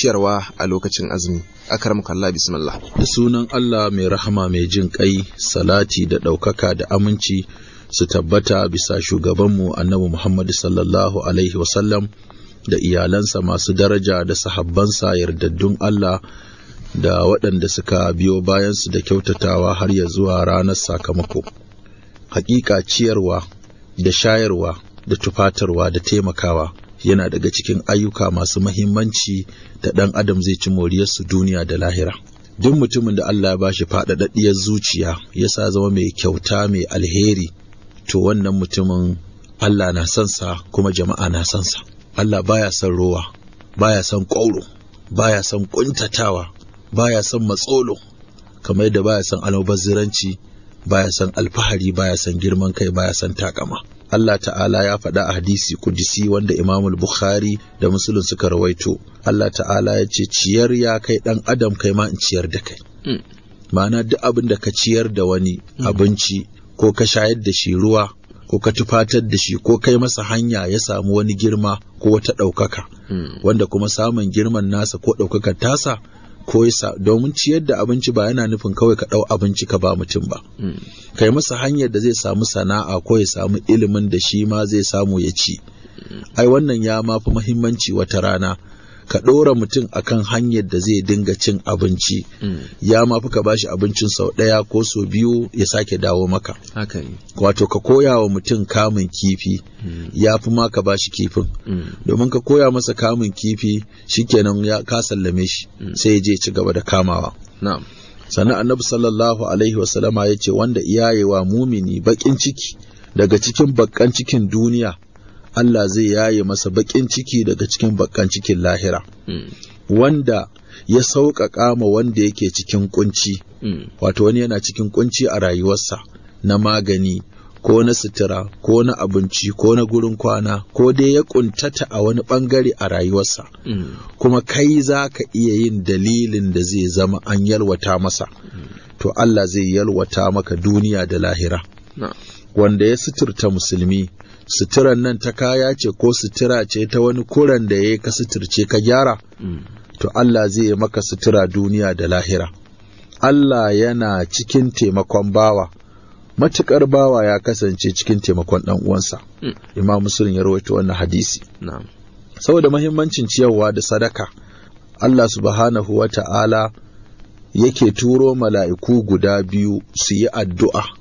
ciyarwa a lokacin azumi akaram kalla bismillah da sunan Allah mai rahama mai jin kai salati da ɗaukaka da aminci su tabbata bisa shugabanmu annabi Muhammad sallallahu alaihi wasallam da iyalansa masu daraja da sahabbansa yardaddun Allah da waɗanda suka biyo bayan su da kyautatawa har ya zuwa ranar sakamako hakika ciyarwa da shayarwa da tufatarwa da taimakawa yana daga cikin ayyuka masu mahimmanci da ɗan adam zai ci moriyarsu duniya da lahira duk mutumin da Allah ya bashi faɗaɗaɗɗiyar zuciya ya sa zama mai kyauta mai alheri to wannan mutumin Allah na son sa kuma jama'a na son sa Allah baya son rowa baya son ƙwauro baya son ƙuntatawa baya son matsolo kamar yadda baya son almubazziranci baya son alfahari baya son girman kai baya son takama Allah ta'ala ya faɗa a hadisi kudisi wanda Imamul Bukhari da Muslim suka rawaito Allah ta'ala ya ce ciyar ya kai ɗan adam kai ma in ciyar da kai hmm. ma'ana duk abin da ka ciyar da wani hmm. abinci ko ka shayar da shi ruwa ko ka tufatar da shi ko kai masa hanya ya samu wani girma ko wata ɗaukaka hmm. wanda kuma samun girman nasa ko ɗaukakar tasa ko yasa domin ciyar da abinci ba yana nufin kawai ka ɗau abinci ka ba mutum ba hmm. kai masa hanyar da zai samu sana'a ko ya samu ilimin da shi ma zai samu ya ci hmm. ai wannan ya mafi muhimmanci wata rana ka ɗora mutum akan hanyar da zai dinga cin abinci hmm. ya ma fi ka shi abincin sau ɗaya ko sau biyu ya sake dawo maka wato ka koya wa mutum kamun kifi hmm. ya fi ma ka ba shi kifin hmm. domin ka koya masa kamun kifi shikenan ya ka sallame shi sai ya je ci gaba da kamawa sannan annabi sallallahu alaihi wasallama ya ce wanda iyayewa mumini bakin ciki daga cikin bakkan cikin duniya Allah zai yaye masa baƙin ciki daga cikin bakan cikin lahira hmm. wanda ya sauƙaƙa ma wanda yake cikin kunci hmm. wato wani yana cikin kunci a rayuwarsa na magani ko na sutura ko na abinci ko na gurin kwana ko dai ya kuntata a wani bangare a rayuwarsa hmm. kuma kai za ka iya yin dalilin da zai zama an yalwata masa to Allah zai yalwata maka duniya da lahira wanda ya suturta musulmi suturan nan ta kaya ce ko sutura ce ta wani koren da ya ka suturce ka gyara mm. to Allah zai maka sutura duniya da lahira Allah yana cikin taimakon bawa matukar bawa ya kasance cikin taimakon dan uwansa mm. Imam Muslim ya rawaito wannan hadisi saboda muhimmancin ciyarwa da sadaka Allah subhanahu wa ta'ala yake turo mala'iku guda biyu su yi addu'a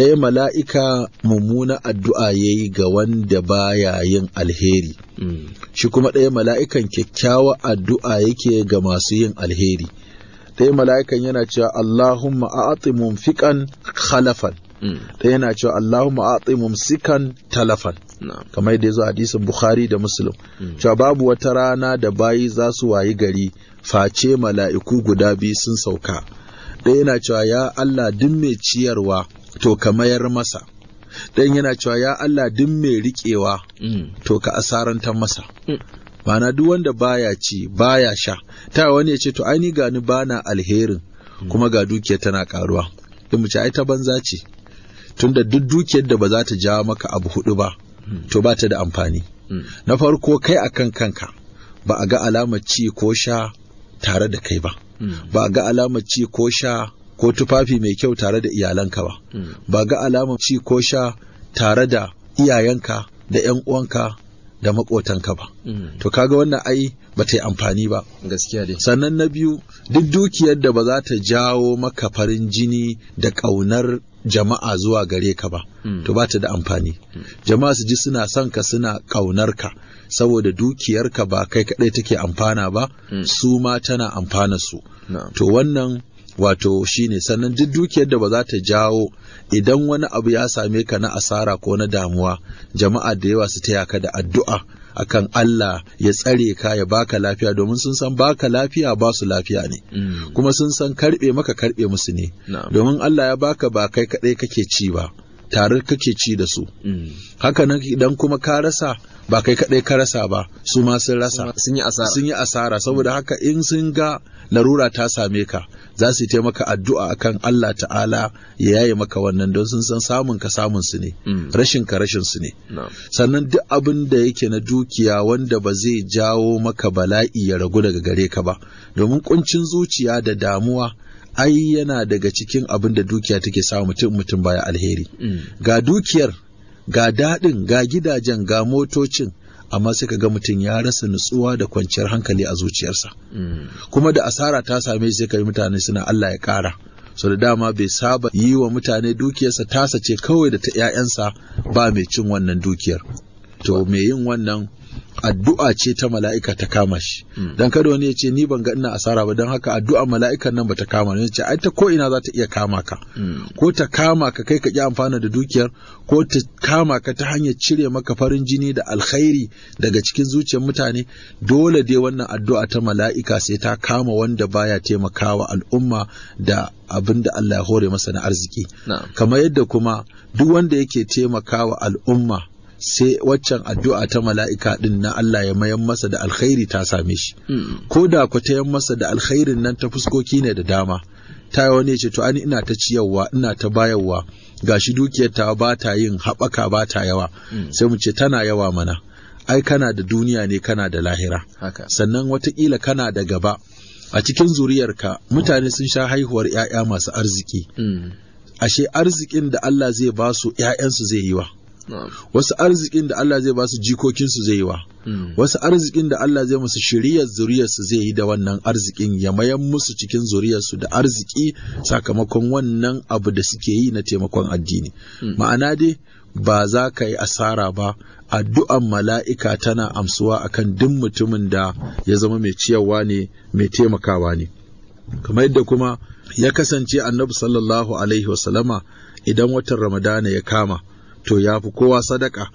ɗaya mala'ika mummuna addu'a ya yi ga wanda baya yin alheri hmm. shi kuma ɗaya mala'ikan kyakkyawa addu'a yake ga masu yin alheri ɗaya mala'ikan yana cewa Allahumma a'ati fiƙan khalafan hmm. ɗaya yana cewa Allahumma a'ati sikan talafan kamar da yazo hadisin Bukhari da Muslim hmm. cewa babu wata rana da bayi za su wayi gari face mala'iku guda biyu sun sauka ɗaya yana cewa ya Allah duk mai ciyarwa to ka mayar masa ɗayan yana cewa ya Allah duk mai riƙewa mm. to ka asarantar masa mm. ma'ana duk wanda baya ci baya sha ta wani ya ce to ni gani bana alherin mm. kuma ga dukiya tana karuwa in ce ai ta banza ce tunda duk dukiyar da ba za ta jawo maka abu hudu ba to ba ta da amfani na farko kai akan kanka ba a ga alamar ci ko sha tare da kai ba Hmm. ba ga alamar ci ko sha ko tufafi mai kyau tare da iyalanka ba hmm. ba ga alamar ci ko sha tare da iyayenka da 'yan uwanka da makotanka ba hmm. to kaga wannan ai ba ta yi amfani ba gaskiya dai sannan na biyu duk dukiyar da ba za ta jawo maka farin jini da ƙaunar jama'a zuwa gare ka ba hmm. to ba ta da amfani hmm. jama'a su ji suna son ka suna kaunar ka saboda dukiyarka ba kai kaɗai take amfana ba hmm. su ma tana amfana su to wannan wato shine sannan duk dukiyar da ba za ta jawo idan wani abu ya same ka na asara ko na damuwa jama'a da yawa su taya ka da addu'a akan Allah ya tsare ka ya baka lafiya domin sun san baka lafiya ba su lafiya ne mm. kuma sun san karbe maka karbe musu ne no. domin Allah ya baka ba kai kadai kake ci ba tare kake ci da su mm. haka nan idan kuma ka rasa ba kai kaɗai ka rasa ba su ma sun rasa sun yi asara sun yi asara saboda haka in sun ga larura ta same ka za su yi maka addu'a akan Allah ta'ala ya yaye maka wannan don sun san samun ka samun su ne mm. rashin ka rashin su ne sannan duk abin da yake na dukiya wanda ba zai jawo maka bala'i ya ragu daga gare ka ba domin kuncin zuciya da damuwa ai yana daga cikin abin da dukiya take sa mutum mutum baya alheri mm. ga dukiyar ga daɗin ga gidajen ga motocin amma sai ga mutum ya rasa nutsuwa da kwanciyar hankali a zuciyarsa mm. kuma da asara ta same shi sai mutane suna Allah ya ƙara so da dama bai saba yi wa mutane dukiyarsa tasa ce kawai da ta 'ya'yansa ba mai cin wannan dukiyar to mai yin wannan addu'a ce ta mala'ika ta kama shi hmm. dan kada wani ya ce ni ban ga ina asara ba dan haka addu'a mala'ikan nan bata kama ni ce ai ta ko ina za ta iya kama ka hmm. ko ta kama ka kai ka ki amfana da dukiyar ko ta kama ka ta hanyar cire maka farin jini da alkhairi daga cikin zuciyar mutane dole dai wannan addu'a ta mala'ika sai ta kama wanda baya taimakawa al'umma da abin da Allah ya hore masa na arziki kamar yadda kuma duk wanda yake taimakawa al'umma sai waccan addu'a ta mala'ika din na Allah ya mayan masa da alkhairi ta same shi hmm. ko da ku ta masa da alkhairin nan ta fuskoki ne da dama ta wani ce to ani ina ta ciyarwa ina ta bayarwa gashi dukiyar ta ba ta yin haɓaka ba ta yawa hmm. sai mu ce tana yawa mana ai kana da duniya ne kana da lahira sannan watakila kana da gaba a cikin zuriyarka mutane sun sha haihuwar 'ya'ya masu arziki hmm. ashe arzikin da Allah zai ba su 'ya'yansu zai yi wa wasu arzikin da Allah zai basu su jikokinsu zai yi wa hmm. wasu arzikin da Allah zai musu shiriyar zuriyarsu zai yi da wannan arzikin ya mayan musu cikin zuriyarsu da arziki sakamakon wannan abu da suke yi na taimakon addini hmm. ma'ana dai ba za ka yi asara ba addu'an mala'ika tana amsuwa akan duk mutumin da ya zama mai ciyarwa ne mai taimakawa ne kamar yadda kuma ya kasance annabi sallallahu alaihi wasallama idan watan ramadana ya kama to ya fi kowa sadaka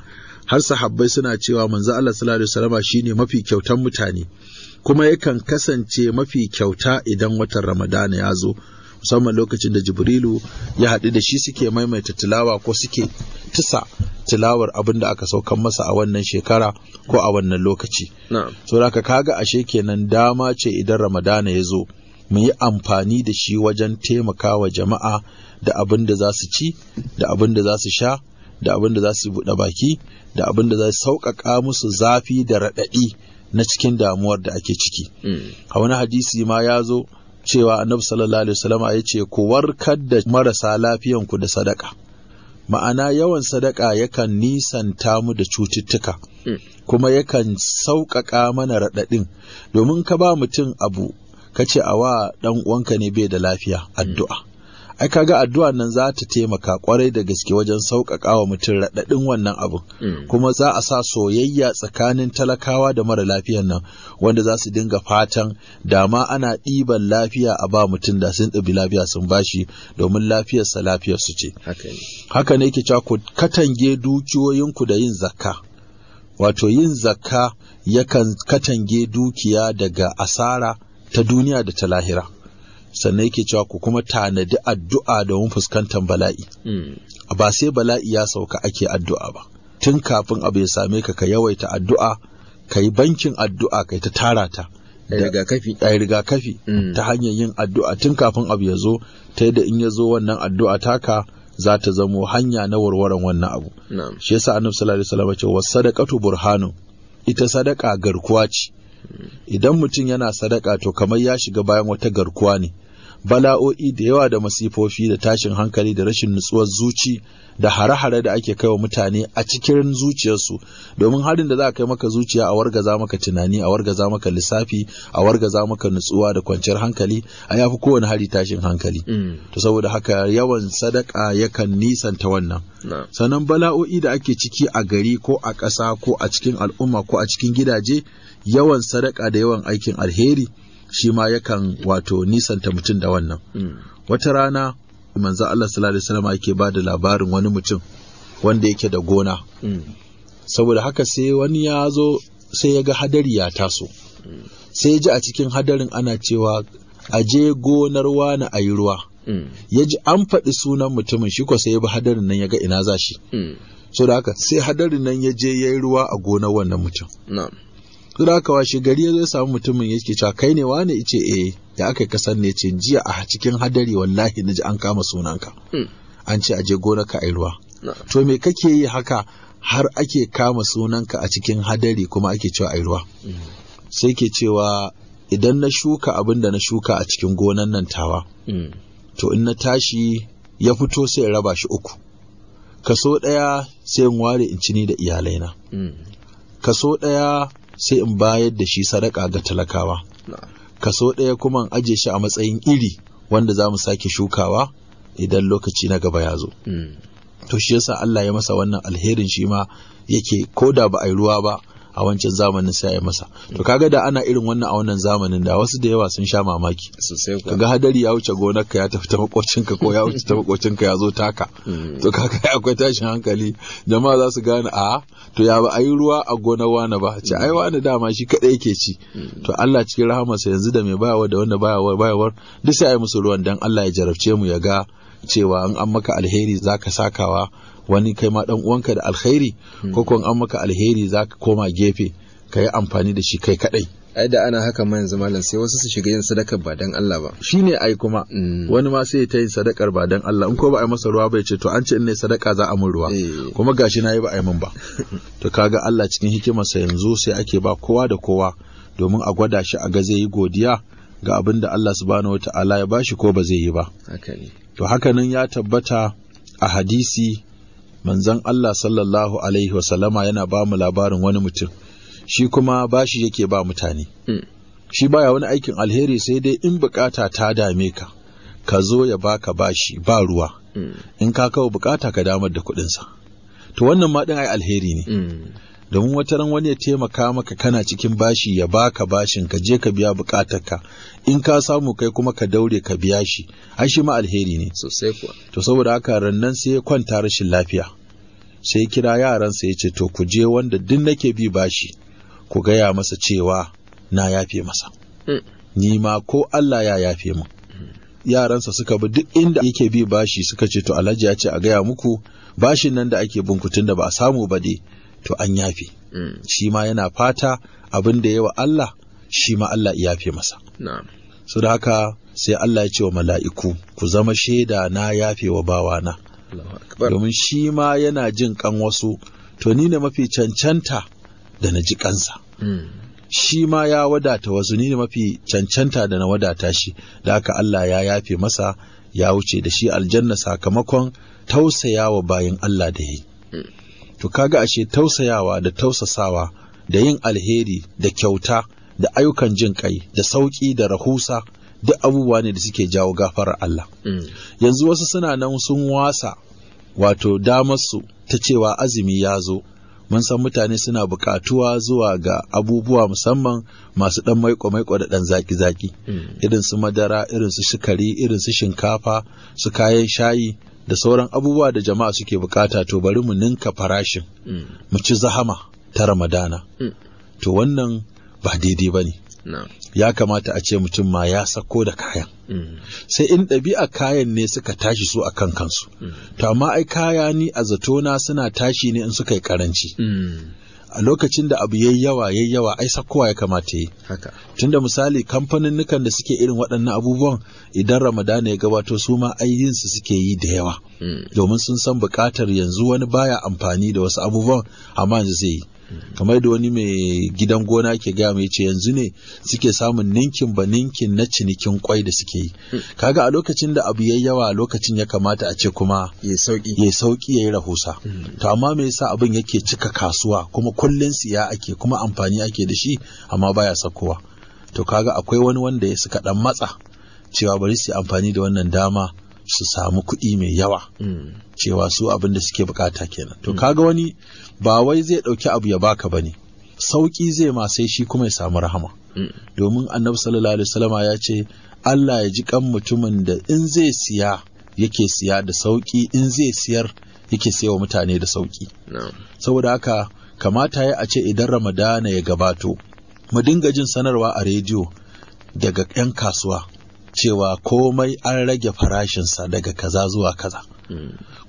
har sahabbai suna cewa manzo Allah sallallahu alaihi wasallam shine mafi kyautan mutane kuma yakan kasance mafi kyauta idan watan Ramadana ya zo musamman lokacin da Jibrilu ya haɗu da shi suke maimaita tilawa ko suke tisa tilawar abin aka saukan masa a wannan shekara ko a wannan lokaci. So da kaga ashe kenan dama ce idan Ramadana ya zo mu yi amfani da shi wajen taimaka wa jama'a da abin da za su ci da abin da za su sha da abin da za su buɗe baki da abin da za su sauƙaƙa musu zafi da raɗaɗi na cikin damuwar da ake ciki hmm. a wani hadisi ma ya zo cewa annabi sallallahu alaihi wasallam ya ce ku warkar da marasa lafiyan ku da sadaka ma'ana yawan sadaka yakan nisanta mu da cututtuka hmm. kuma yakan sauƙaƙa mana raɗaɗin domin ka ba mutum abu ka ce a wa ɗan uwanka ne bai da lafiya hmm. addu'a ai kaga addu'a nan za ta taimaka kwarai da gaske wajen sauƙaƙa wa mutum raɗaɗin wannan abin mm. kuma za a sa soyayya tsakanin talakawa da mara lafiyan nan wanda za su dinga fatan dama ana ɗiban lafiya a ba mutum da sun ɗabi lafiya sun bashi domin lafiyarsa lafiyar su ce haka ne yake cewa ku katange dukiyoyinku da yin zakka wato yin zakka yakan katange dukiya daga asara ta duniya da ta lahira sannan yake cewa ku kuma tanadi addu'a da domin fuskantar bala'i ba sai bala'i ya sauka ake addu'a ba tun kafin abu ya same ka ka yawaita addu'a ka yi bankin addu'a ka yi ta tara ta rigakafi a rigakafi mm. ta hanyar yin addu'a tun kafin abu ya zo ta da in ya zo wannan addu'a taka za ta zamo hanya na warwaran wannan abu shi yasa annabi sallallahu alaihi wasallam ce sadaqatu burhanu ita sadaka garkuwa ce mm. idan mutum yana sadaka to kamar ya shiga bayan wata garkuwa ne bala'o'i da yawa da masifofi da tashin hankali da rashin nutsuwar zuci da hare-hare da ake kai wa mutane a cikin zuciyarsu domin harin da za a kai maka zuciya a wargaza maka tunani a wargaza maka lissafi a wargaza maka nutsuwa da kwanciyar hankali a yafi kowane hari tashin hankali mm. to saboda haka yawan sadaka yakan nisanta wannan sannan bala'o'i da ake ciki a gari ko a ƙasa ko a cikin al'umma ko a cikin gidaje yawan sadaka da yawan aikin alheri shi ma yakan wato nisanta mutum da wannan mm. wata rana manzo Allah sallallahu alaihi wasallam yake ba da labarin wani mutum wanda yake da gona mm. saboda haka sai wani ya zo sai ya ga hadari ya taso mm. sai ya ji a cikin hadarin ana cewa aje gonar wani a yi ruwa ya ji an faɗi sunan mutumin shi ko sai ya bi hadarin nan ya ga ina za shi so haka sai hadarin nan ya je ya yi ruwa a gonar wannan mutum Sura ka washe gari ya zo samu mutumin yake cewa kai ne wane ice eh da aka kasan ne ce jiya a cikin hadari wallahi naji an kama sunanka. Hmm. An ce aje ka ai ruwa. To me kake yi haka har ake kama sunanka a cikin hadari kuma ake cewa ai ruwa. Hmm. Sai ke cewa idan na shuka abin da na shuka a cikin gonan nan tawa. Hmm. To in na tashi ya fito sai raba shi uku. Kaso ɗaya sai in ware in cini ni da iyalaina. Kaso ɗaya sai in bayar da shi sadaka ga talakawa kaso ɗaya kuma in aje shi a matsayin iri wanda za mu sake shukawa idan lokaci na gaba ya zo hmm. to shi yasa Allah ya masa wannan alherin shi ma yake ko da ba a yi ruwa ba a wancan zamanin sai ya masa to kaga da ana irin wannan a wannan zamanin da wasu da yawa sun sha mamaki kaga hadari ya wuce ka ya tafi ta ka ko ya wuce ta ka ya zo taka mm-hmm. to kaga akwai tashin hankali jama'a za su gane a to ya ba ayi ruwa a gonar wani ba ce ai wani dama shi kadai yake ci mm-hmm. to Allah cikin rahamarsa yanzu da mai bayawa da wanda bayawa bayawar duk sai ayi musu ruwan dan Allah ya jarabce mu ya ga cewa an an maka alheri zaka sakawa wani kai ma dan uwanka da alkhairi hmm. ko kun an maka alheri za ka koma gefe ka yi amfani da shi kai kadai ai da ana haka ma yanzu malam sai wasu su shiga yin sadaka ba dan Allah ba shine ai kuma hmm. wani ma sai ta yin sadakar ba dan Allah in ko ba ai masa ruwa bai ce to an ce in ne sadaka za a mun ruwa eh. kuma gashi nayi ba ai mun ba to kaga Allah cikin hikimarsa yanzu sai ake ba kowa da kowa domin a gwada shi a ga zai yi godiya ga abin da Allah subhanahu wata'ala ya bashi ko ba zai yi ba to haka nan ya tabbata a hadisi manzon Allah sallallahu alaihi wasallama yana ba mu labarin wani mutum shi kuma bashi yake ba mutane hmm. shi baya wani aikin alheri sai dai in bukata ta dame ka ka zo ya baka bashi ba ruwa hmm. in ka kawo bukata ka damar da kuɗinsa to wannan ma ɗin ai alheri ne hmm. domin wata ran wani ya taimaka maka kana cikin bashi ya baka bashin ka je ka biya ka in ka samu kai kuma ka daure ka biya shi ai shi ma alheri ne sosai kuwa to saboda haka rannan sai ya kwanta rashin lafiya sai kira yaran sai ya ce to ku je wanda duk nake bi bashi ku gaya masa cewa na yafe masa hmm. ni ma ko Allah ya yafe mu hmm. yaransa suka bi duk inda yake bi bashi suka ce to alhaji ya ce a gaya muku bashin nan da ake bunkutun da ba a samu ba dai to an yafe mm. shi ma yana fata abin da yawa Allah shi ma Allah ya yafe masa so da haka sai Allah ya ce wa mala'iku ku zama shaida na yafe wa bawana domin shi ma yana jin kan wasu to ni ne mafi cancanta da na ji kansa mm. shi ma ya wadata wasu ni ne mafi cancanta da na wadata shi da haka Allah ya yafe masa ya wuce da shi aljanna sakamakon tausaya wa bayan Allah da ya yi mm. to kaga ashe tausayawa da tausasawa da yin alheri da kyauta da ayyukan jin kai da sauƙi da rahusa duk abubuwa ne da suke jawo gafarar Allah mm. yanzu wasu suna nan sun wasa wato damar su ta cewa azumi ya zo mun san mutane suna buƙatuwa zuwa ga abubuwa musamman masu ɗan maiko-maiko da ɗan zaki-zaki mm. irin su madara irin su sukari irin su shinkafa su kayan shayi da sauran abubuwa da jama'a suke bukata to bari mu ninka farashin mm. mu ci zahama ta ramadana mm. to wannan ba daidai ba ne ya kamata a ce mutum ma ya sako da kayan mm. sai in ɗabi'a kayan ne suka tashi su a kan kansu to amma ai kaya ni a zatona suna tashi ne in suka yi karanci a lokacin da abu yayi yawa yayi yawa ai kowa ya kamata yi haka tunda misali kamfaninnukan da suke irin waɗannan abubuwan idan ramadana ya gabato su ma ai yin su suke yi da yawa hmm. domin sun san buƙatar yanzu wani baya amfani da wasu abubuwan amma yanzu zai yi kamar da wani mai gidan gona ke gaya mai ce yanzu ne suke samun ninkin ba ninkin na cinikin kwai da suke yi hmm. kaga a lokacin da abu yayi yawa lokacin ya kamata a ce kuma ya sauki ya yi yayi rahusa hmm. to amma me yasa abin yake cika kasuwa kuma kullun siya ake kuma amfani ake da shi amma baya sakowa to kaga akwai wani wanda ya suka dan matsa cewa bari su amfani da wannan dama su samu kuɗi mai yawa hmm. cewa su abin da suke bukata kenan to hmm. kaga wani ba wai zai ɗauki abu ya baka bane Sauki zai ma sai shi kuma ya samu rahama hmm. domin annabi sallallahu alaihi wasallama ya ce Allah ya ji kan mutumin da in zai siya yake siya da sauki in zai siyar yake wa mutane da sauki. saboda haka kamata ya a ce idan ramadana ya gabato mu dinga jin sanarwa a rediyo daga 'yan kasuwa cewa komai an rage farashinsa daga kaza zuwa kaza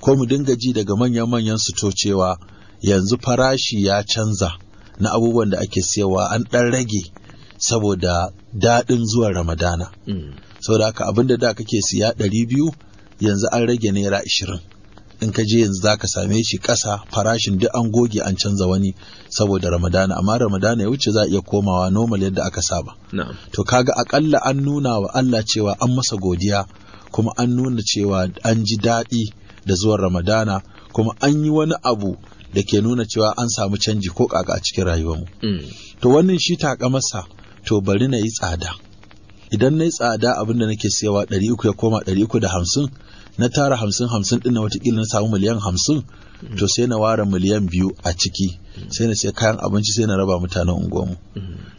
ko mu dinga ji daga manyan-manyan su to cewa yanzu farashi ya canza na abubuwan da ake siyarwa an ɗan rage saboda daɗin zuwan ramadana mm. saboda haka abinda da kake siya ɗari biyu yanzu an rage naira ashirin in ka je yanzu zaka same shi ƙasa farashin duk an goge an canza wani saboda ramadana amma ramadana ya wuce za a iya komawa normal yadda aka saba to kaga akalla an nuna wa Allah cewa an masa godiya kuma an nuna cewa an ji daɗi da zuwan ramadana kuma an yi wani abu da ke nuna cewa an samu canji ko kaka a cikin rayuwar mu. Mm. to wannan shi masa to bari na yi tsada idan na yi tsada abin da nake siyawa ɗari uku ya koma ɗari uku da hamsin na tara hamsin hamsin din na watakila na samu miliyan hamsin to sai na ware miliyan biyu a ciki sai na sai kayan abinci sai na raba mutanen unguwarmu.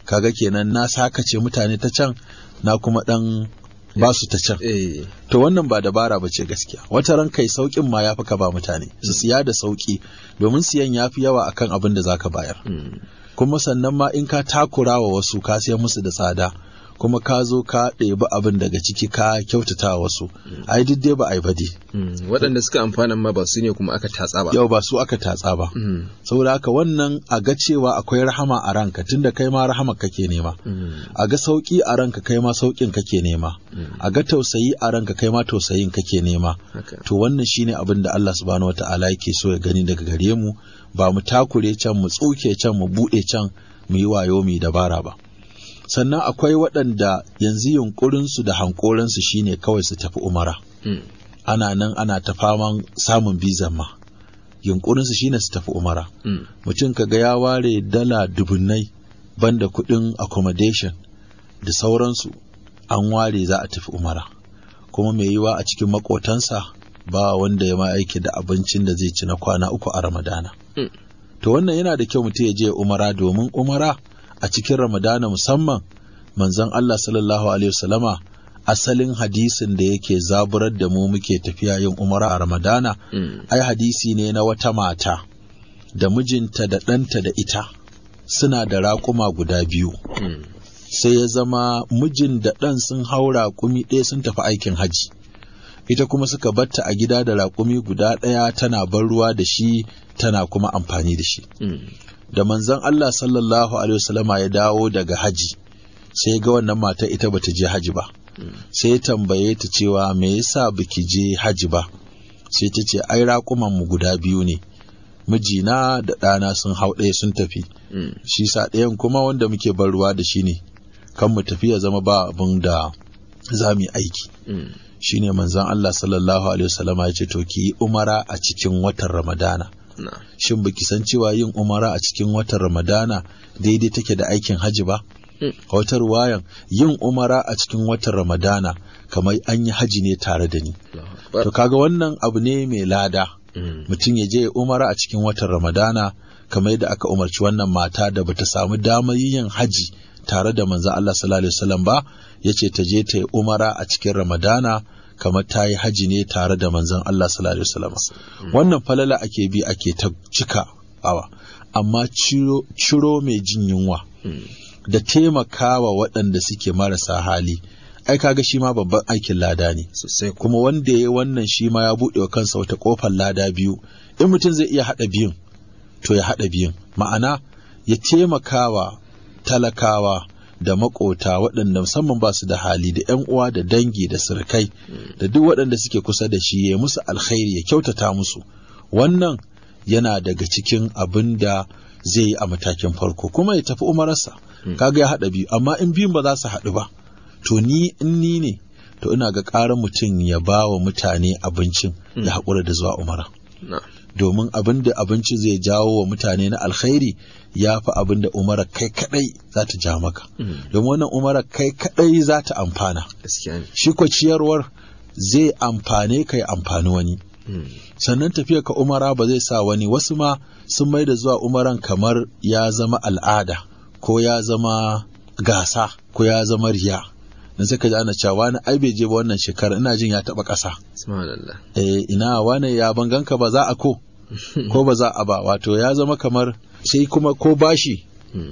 kaga kenan na sakace mutane ta can na kuma dan ba su ta can eh. to wannan ba dabara ba ce gaskiya wata ran kai saukin ma ya fi ka ba mutane su siya da sauki domin siyan ya fi yawa akan abin da zaka bayar hmm. kuma sannan ma in ka takura wa wasu ka siya musu da tsada kuma ka zo ka ɗebi abin daga ciki ka kyautata wasu mm. ai duk dai ba ai yi dai mm. waɗanda suka amfana ma ba su ne kuma aka tatsa ba yau ba su aka tatsa ba mm. saboda haka wannan a ga cewa akwai rahama a ranka tunda kai ma rahama kake nema a ga sauki a ranka kai ma saukin kake nema a ga tausayi a ranka kai ma tausayin kake nema to wannan shine abin da Allah subhanahu wataala yake so ya gani daga gare mu ba mu takure can mu tsuke can mu buɗe can mu yi wayo mu dabara ba sannan akwai waɗanda yanzu yunƙurinsu da hankorinsu shine kawai su tafi umara hmm. ana nan ana ta faman samun bizan ma yunƙurinsu shine su tafi umara hmm. mutum ka kaga ya ware dala dubunnai banda kuɗin accommodation da sauransu an ware za a tafi umara kuma mai yiwa a cikin makotansa ba wanda ya ma aiki da abincin da zai ci na kwana uku a ramadana hmm. to wannan yana da kyau mutum ya je umara domin umara a cikin ramadana musamman manzon Allah sallallahu alaihi wasallama asalin hadisin da yake zaburar da mu muke tafiya yin umara a ramadana mm. ai hadisi ne na wata mata da mijinta da ɗanta da ita suna da raƙuma guda biyu mm. sai ya zama mijin da ɗan sun hau raƙumi ɗaya sun tafi aikin haji ita kuma suka batta a gida da raƙumi guda ɗaya tana ban ruwa da shi tana kuma amfani da shi mm. da manzon Allah sallallahu alaihi wasallama ya dawo daga haji sai ga wannan mata ita bata je haji ba sai ya tambaye ta cewa me yasa baki je haji ba sai ta ce ai raƙuman mu guda biyu ne mijina da ɗana sun hau ɗaya sun tafi shi sa ɗayan kuma wanda muke bar ruwa da shi ne kan mu tafi ya zama ba abin da za mu aiki shine manzon Allah sallallahu alaihi wasallama ya ce to ki umara a cikin watan Ramadana shin baki san cewa yin umara a cikin watan ramadana daidai take da aikin haji ba hmm. a wata ruwayan yin umara a cikin watan ramadana kamar an yi haji ne tare da ni to kaga wannan abu ne mai lada hmm. mutum ya je umara a cikin watan ramadana kamar da aka umarci wannan mata da bata samu damar yin haji tare da manzo Allah sallallahu alaihi wasallam ba yace ta je ta yi umara a cikin ramadana kamar ta yi haji ne tare da manzon Allah sallallahu alaihi wasallam wannan falala ake bi ake ta cika awa amma ciro mai jin yunwa da taimakawa waɗanda suke marasa hali ai kaga shi ma babban aikin lada ne sosai kuma wanda ya wannan shi ma ya buɗe wa kansa wata kofar lada biyu in mutum zai iya haɗa biyun to ya haɗa biyun ma'ana ya taimakawa talakawa da makota waɗanda musamman ba su da hali da ‘yan uwa da dangi da sirkai da duk waɗanda suke kusa da shi ya musu alkhairi ya kyautata musu wannan yana daga cikin abin da zai yi a matakin farko kuma ya tafi umararsa hmm. kaga ya haɗa biyu amma in biyun ba za su haɗu ba to ni in ni ne to ina ga ƙarar mutum ya ba wa mutane abincin ya hmm. haƙura da zuwa umara. domin abin da abinci zai jawo wa mutane na alkhairi ya fi abin da umara kai kadai za ta ja maka hmm. domin wannan umara kai kadai za ta amfana shi ko ciyarwar zai amfane ka ya amfani wani hmm. sannan tafiya ka umara ba zai sa wani wasu ma sun mai da zuwa umaran kamar ya zama al'ada ko ya zama gasa ko ya zama riya na sai ka ji ana cewa wani ai bai je wannan shekara ina jin ya taba ƙasa. Eh ina wani ya banganka ba za a ko ko ba za a ba wato ya zama kamar sai kuma ko bashi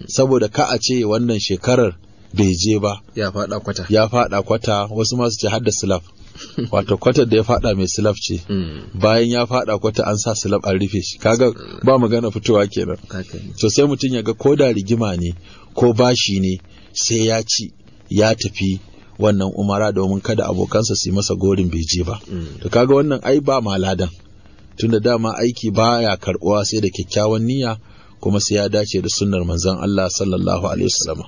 saboda ka a ce wannan shekarar bai je ba ya fada kwata ya fada kwata wasu masu ce hadda silaf wato kwatar da ya fada mai silaf ce hmm. bayan ya fada kwata an sa silaf an rufe shi kaga ba magana fitowa kenan so sai mutum ya ga ko da rigima ne ko bashi ne sai ya ci ya tafi wannan umara domin kada abokansa su yi masa gorin bai je ba hmm. to kaga wannan ai ba maladan tunda dama aiki baya karbuwa sai da kyakkyawan niyya kuma sai ya dace da sunnar manzon Allah sallallahu alaihi wasallam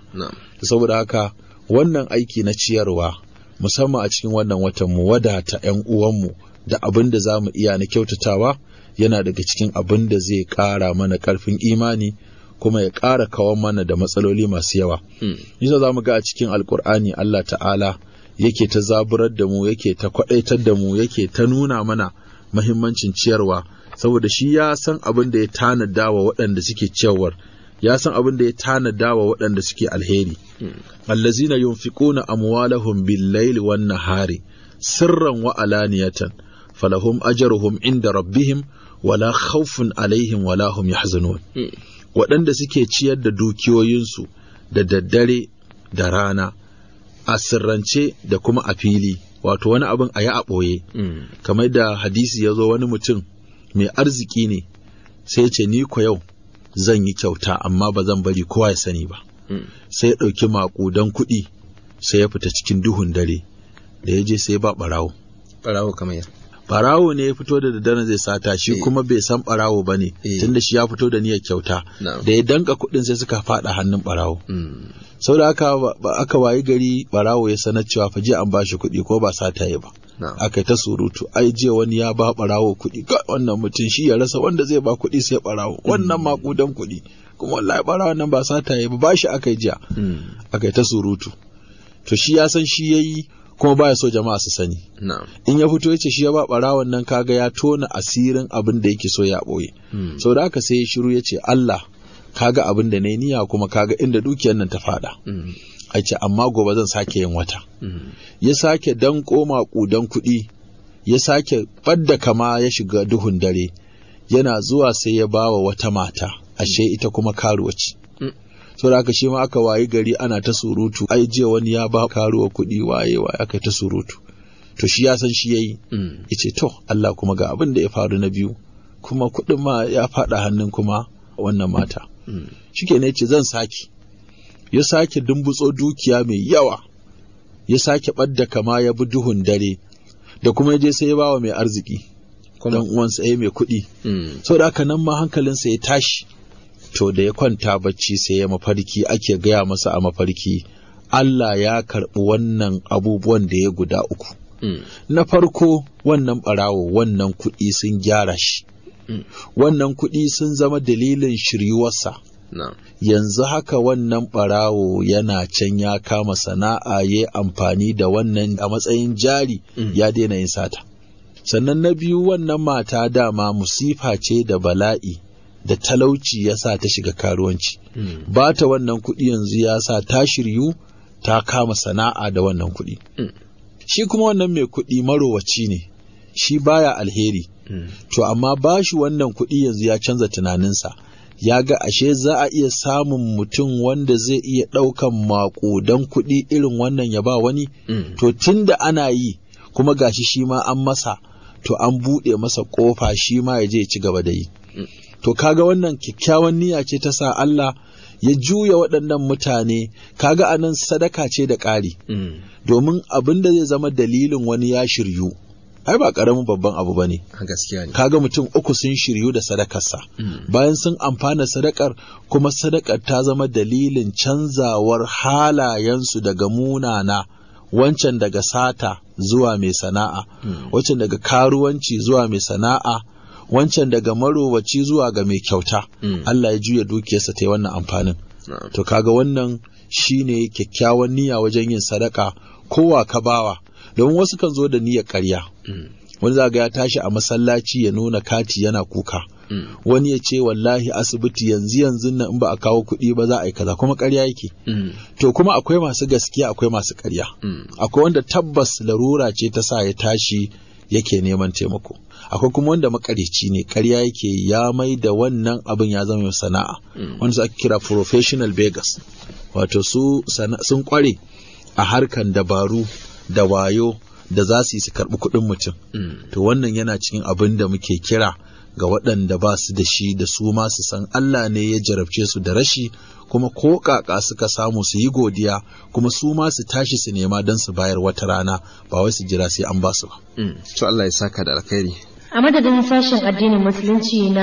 saboda haka wannan aiki na ciyarwa musamman a cikin wannan watan mu wadata ƴan uwanmu da abin da za mu iya na kyautatawa yana daga cikin abin da zai ƙara mana ƙarfin imani kuma ya ƙara kawan mana da matsaloli masu yawa. Nisa hmm. za mu ga a cikin Alƙur'ani Allah Ta'ala yake ta zaburar da mu yake ta kwaɗaitar da mu yake ta nuna mana mahimmancin ciyarwa saboda shi ya san abin da ya tanada wa waɗanda suke ciyarwar ya san abin da ya tanada wa waɗanda suke alheri hmm. allazina yunfiquna amwalahum bil-laili wan-nahari sirran wa alaniyatan falahum ajruhum inda rabbihim wala khawfun alaihim wala hum yahzanun hmm. waɗanda suke ciyar da dukiyoyinsu da daddare da rana a sirrance da kuma a fili wato wani abin a yi a ɓoye mm. kamar da hadisi ya zo wani mutum mai arziki ne sai ce ni ko yau zan yi kyauta amma ba zan bari kowa ya sani ba mm. sai ya ɗauki maƙudan kuɗi sai ya fita cikin duhun dare da ya je sai ba ɓarawo ɓarawo kamar barawo ne ya fito da daddare zai sata shi eh. kuma bai san barawo ba ne eh. tunda shi ya fito da niyyar kyauta da ya danka kuɗin sai suka faɗa hannun barawo hmm. sau da aka wayi gari barawo ya sanar cewa fa jiya an bashi kuɗi ko ba sata ya ba aka ta surutu ai jiya wani ya ba barawo kuɗi ga wannan mutum shi ya rasa wanda zai ba kuɗi sai barawo hmm. wannan makudan kuɗi kuma wallahi barawo nan ba sata ya ba bashi aka yi jiya hmm. aka ta surutu to shi ya san shi yayi kuma baya so jama'a su sani in ya fito yace shi ya ba barawon nan kaga ya tona asirin abin da yake so ya ɓoye. Hmm. sau da haka sai ya shiru yace Allah kaga abin da yi niyya kuma kaga inda dukiyar nan ta fada hmm. a ce amma gobe zan sake yin wata hmm. ya sake dan koma kudan kuɗi ya sake fadda kama ya shiga duhun dare yana zuwa sai ya bawa wata mata ashe ita kuma karuwa ce. saboda aka shi ma aka wayi gari ana ta surutu ai je wani ya ba karuwa kuɗi waye waye aka ta surutu to shi ya san shi yayi mm. yace to Allah kuma ga abin da ya faru na biyu kuma kuɗin ma ya faɗa hannun kuma wannan mata mm. shike ne yace zan saki ya sake dumbutso dukiya mai yawa ya sake ɓadda kama ya bi duhun dare da kuma ya je sai ya bawa mai arziki kuma uwansa ya eh, mai kuɗi mm. saboda haka nan ma hankalinsa ya tashi to da ya kwanta bacci sai ya mafarki ake gaya masa a mafarki Allah ya karɓi wannan abubuwan da ya guda uku. Hmm. Na farko wannan barawo wannan kuɗi sun gyara shi, hmm. wannan kuɗi sun zama dalilin shiryuwarsa. Yanzu haka wannan barawo yana can ya kama sana'a ya amfani da wannan a matsayin jari hmm. ya daina yin sata. Sannan na biyu wannan mata dama musifa ce da bala'i da talauci ya sa ta shiga karuwanci hmm. ba ta wannan kuɗi yanzu ya sa ta shiryu ta kama sana'a da wannan kuɗi hmm. shi kuma wannan mai kuɗi marowaci ne shi baya alheri hmm. to amma ba shi wannan kuɗi yanzu ya canza tunaninsa ya ga ashe za a iya samun mutum wanda zai iya ɗaukan maƙudan kuɗi irin wannan ya ba wani to tun da ana yi kuma gashi shi ma an masa to an buɗe masa ƙofa shi ma ya je ci gaba da yi to kaga wannan kyakkyawan niyya ce ta sa Allah ya juya waɗannan mutane kaga anan sadaka ce da ƙari mm. domin abin da zai zama dalilin wani ya shiryu ai ba karamin babban abu ba ne kaga mutum uku sun shiryu da sadakarsa mm. bayan sun amfana sadakar kuma sadakar ta zama dalilin canzawar halayensu daga munana wancan daga sata zuwa mai sana'a mm. wancan daga karuwanci zuwa mai sana'a wancan daga marowaci zuwa ga mai kyauta hmm. Allah ya juya dukiyarsa ta yi wannan amfanin to kaga wannan shine kyakkyawan niyya wajen yin sadaka kowa ka bawa domin wasu kan zo da niyyar ƙarya hmm. wani za ga ya tashi a masallaci ya nuna kati yana kuka hmm. wani ya ce wallahi asibiti yanzu yanzu nan in ba a kawo kuɗi ba za a yi kaza kuma ƙarya yake to kuma akwai masu gaskiya akwai masu ƙarya akwai wanda tabbas larura ce ta sa ya tashi yake neman taimako akwai kuma wanda makarici ne karya yake ya mai da wannan abin ya zama sana'a hmm. wanda su ake kira professional beggars wato su sun kware a harkan dabaru da wayo da za su yi su karɓi kuɗin mutum hmm. to wannan yana cikin abin da muke kira ga waɗanda ba su da shi da su ma su san Allah ne ya jarabce su da rashi kuma ko kaka suka samu su yi godiya kuma su ma su tashi su nema don su bayar wata rana ba wai su jira sai an ba su ba. Mm. To Allah ya saka da alkhairi. A madadin sashen addinin musulunci na